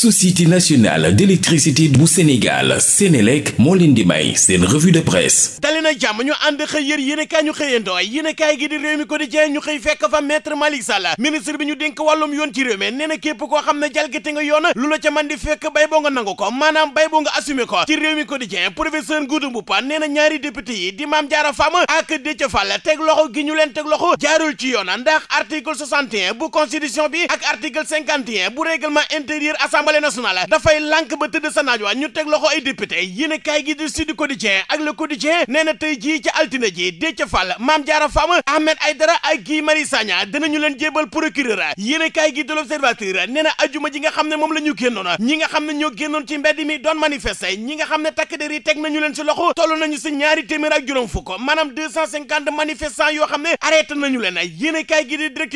société nationale d'électricité bu Sénégal Sénélec moo leen di may seen revue de presse dali jàmm ñu ànd xëy yër yéenekaay ñu xëyandoo yéenekaay gi di réew mi quotidien ñu xëy fekk fa maître Malick Sall ministre bi ñu dénk wàllum yoon ci réew mi nee képp koo xam ne jalgati nga yoon lu la ca man di fekk bay boo nga nangu ko maanaam bay boo nga assumé ko ci réew mi quotidien professeur Ngouda Mboup nee na ñaari député yi di Mame Diarra Fam ak Déthié Fall teg assemblée nationale dafay lànk ba tëdd sa naaj wa ñu teg loxo ay député yéen a kaay gi di Sud Quotidien ak Le nee na tey jii ci altine ji Déthié Fall Mame Diarra Fam Ahmed Aïdara ak Guy Marius Sagna dinañu leen jébal procureur yéen a kaay gi de L'Observateur nee na ajuma ji nga xam ne moom la ñu génnoon ñi nga xam ne ñoo génnoon ci mbedd mi doon manifester ñi nga xam ne takk der yi teg nañu leen si loxo toll nañu si ñaari téeméer ak juróom fukk maanaam deux cent cinquante manifestants yoo ne arrêté nañu leen yéen gi di Direct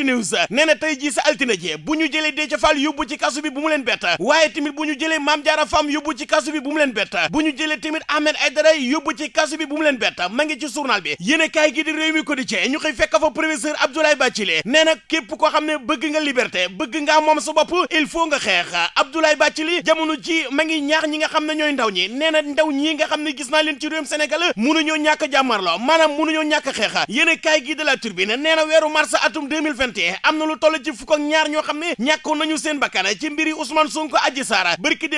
na tey jii sa altine ji bu ñu jëlee Déthié Fall yóbbu ci kasu bi bu mu leen bett waaye tamit bu ñu jëlee Mame Diarra Fam yóbbu ci kasu bi bu mu leen bett bu ñu jëlee tamit Ahmed Aïdara yóbbu ci kasu bi bu mu leen bett ma ngi ci journal bi yéene kaay gi di réew mi quotidien ñu koy fekk fa professeur Abdoulaye Bathily nee na képp ko xam ne bëgg nga liberte bëgg nga mom sa bopp il faut nga xeex Abdoulaye Bathily jamono ji ma ngi ñaax ñi nga xam ne ñooy ndaw ñi nee na ndaw ñi nga xam ne gis naa leen ci réewum Sénégal mënuñoo ñàkk jàmmarloo maanaam mënuñoo ñàkk xeexa yéene kaay gi de la turbine nee na weeru mars atum 2021 am na lu toll ci fukk ak ñaar ñoo xam ne nañu seen bakkan ci mbiri Ousmane Sonko ba Adji Sarr bërki de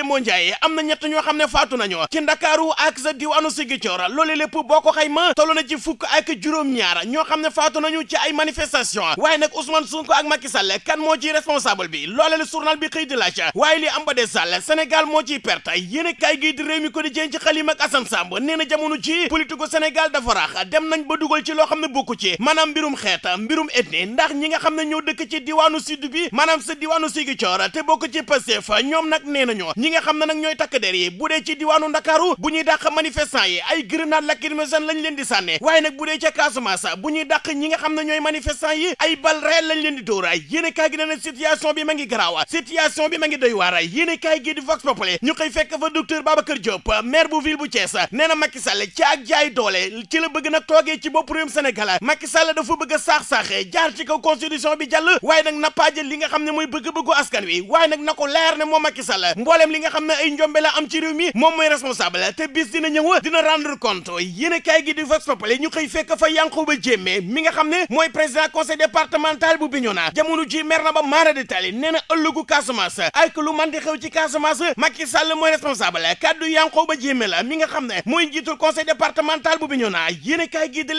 am na ñett ñoo xam ne faatu nañu ci ndakaaru ak sa diwaanu Ziguinchor loolu lépp boo ko ma toll na ci fukk ak juróom ñaara ñoo xam ne faatu nañu ci ay manifestation waaye nag Ousmane Sonko ak Macky Sall kan moo ci responsable bi loole la journal bi xëy di laaj waaye li am ba des Sall Sénégal moo ciy perte yéen kay gi di réew mi ko di jeen ci xalima ak Samb nee na jamono ji politique Sénégal dafa rax dem nañ ba dugal ci loo xam ne bokku ci maanaam mbirum xeet mbirum ethnie ndax nga xam ne ñoo dëkk ci diwaanu sud bi maanaam sa diwaanu Ziguinchor te bokk ci Pastef ñoom nag nee nañu ñi nga xam ne nag ñooy takk der yi bu dee ci diwaanu ndakaaru bu ñuy dàq manifestant yi ay grenade lacrymogène lañ leen di sànne waaye nag bu dee ca Casamance bu ñuy dàq ñi nga xam ne ñooy manifestant yi ay bal réel lañ leen di dóor ay yéene kaay gi nee na situation bi ma ngi garaawa situation bi ma ngi doy waar ay yéene kaay gi di Vox Populi ñu koy fekk fa docteur Babacar Diop maire bu ville bu Thiès nee na Macky Sall ci ak jaay doole ci la bëgg nag toogee ci bopp réewum Sénégal Macky Sall dafa bëgg a saax-saaxee jaar ci kaw constitution bi jàll waaye nag nappaaje li nga xam ne mooy bëgg-bëggu askan wi waaye nag na leer ne moom Macky Sall mbooleem li nga xam ne ay njombe la am ci réew mi moom mooy responsable te bis dina ñëw dina rendre compte yéen a kaay di Vox Populi ñu xëy fekk fa Yankhoba Diémé mi nga xam ne mooy président conseil départemental bu Bignona jamono ji mer na ba maara de tali nee na ëllëgu Casamance ay ko lu man di xew ci Casamance Macky Sall mooy responsable kaddu Yankhoba Diémé la mi nga xam ne mooy njiitul conseil départemental bu Bignona yéen a kaay gi de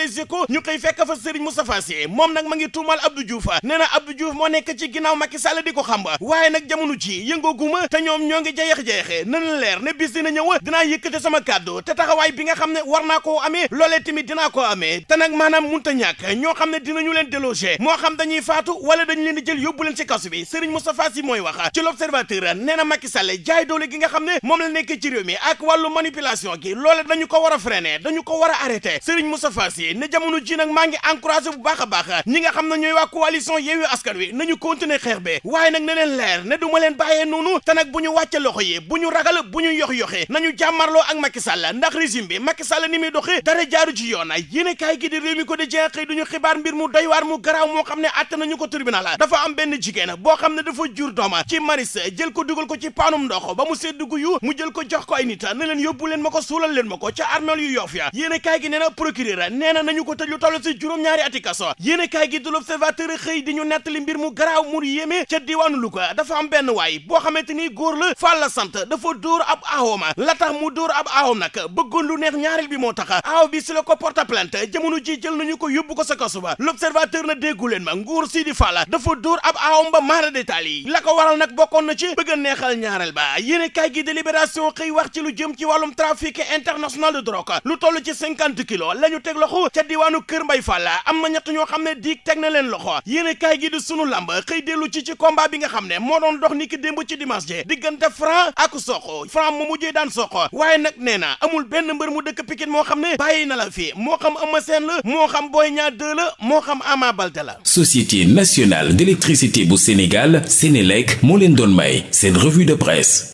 moom nag ma ngi tuumal Abdou Diouf nee na Abdou Diouf moo nekk ci ginnaaw Macky di ko xam waaye nag jamono ji yëngoo guma te ñoom ñoo ngi jeex-jeexee na la leer ne bis dina ñëw dinaa yëkkate sama kàddu te taxawaay bi nga xam ne war naa koo amee loolee tamit dinaa ko amee te nag maanaam munta ñàkk ñoo xam ne dinañu leen délogé moo xam dañuy faatu wala dañ leen di jël yóbbu leen ci kasu bi Serigne Moustapha Sy mooy wax ci l'observateur nee na Macky Sall jaay doole gi nga xam ne moom la nekkee ci réew mi ak wàllu manipulation gi loole dañu ko war a freiner dañu ko war a arrêter Serigne Moustapha Sy ne jamono ji nag maa ngi baax a nga xam ne ñooy waa coalition Yewwi Askan Wi nañu continuer xeex bi waaye nag ne noonu te nag bu ñu wàcce loxo yi bu ñu ragal bu ñu yox yoxee ñu jàmmarloo ak Macky Sall ndax régime bi Macky Sall ni muy doxee dara jaaru ci yoon yéene kaay gi di réew mi ko di jeex xëy duñu xibaar mbir mu doy mu garaaw moo xam ne na nañu ko tribunal dafa am benn jigéen boo xam ne dafa jur dooma ci maris jël ko dugal ko ci paanum ndox ba mu sedd guyu mu jël ko jox ko ay nit na leen yóbbu leen ma ko suulal leen ma ko ca armeel yu yoof ya yéene kaay gi nañu ko tëj lu toll si juróom-ñaari ati kaso yéene kaay gi du l'observateur xëy di ñu nettali mbir mu garaaw mu yéeme ca diwaanu Louga dafa am benn waay boo xam xamante ni la sant dafa dóor ab aawama la tax mu dóor ab aawam nag bëggoon lu neex ñaareel bi moo tax bi si la ko porte plainte jamono ji jël nañu ko yóbbu ko sa kasu ba l'observateur na déggu leen ma nguur Sidi Fall dafa dóor ab aawam ba maara détaal yi la ko waral nag bokkoon na ci bëgg a neexal ñaareel ba yéene kaay gi délibération xëy wax ci lu jëm ci wàllum trafic international de drogue lu toll ci cinquante kilos la ñu teg loxo ca diwaanu Kër Mbay Fall am na ñett ñoo xam ne diig teg na leen loxo yéene kaay gi di sunu lamb xëy dellu ci ci komba bi nga xam ne moo doon dox ni ki démb ci dimanche ji diggante Franc ak Sokh Franc mu mujjee daan Sokh waaye nag nee na amul benn mbër mu dëkk Pikine moo xam ne bàyyi na la fii moo xam Eumeu Sène la moo xam Boy Niang 2 la moo xam Ama Baldé la Société nationale d'électricité bu Sénégal Sénélec moo leen doon may seen revue de presse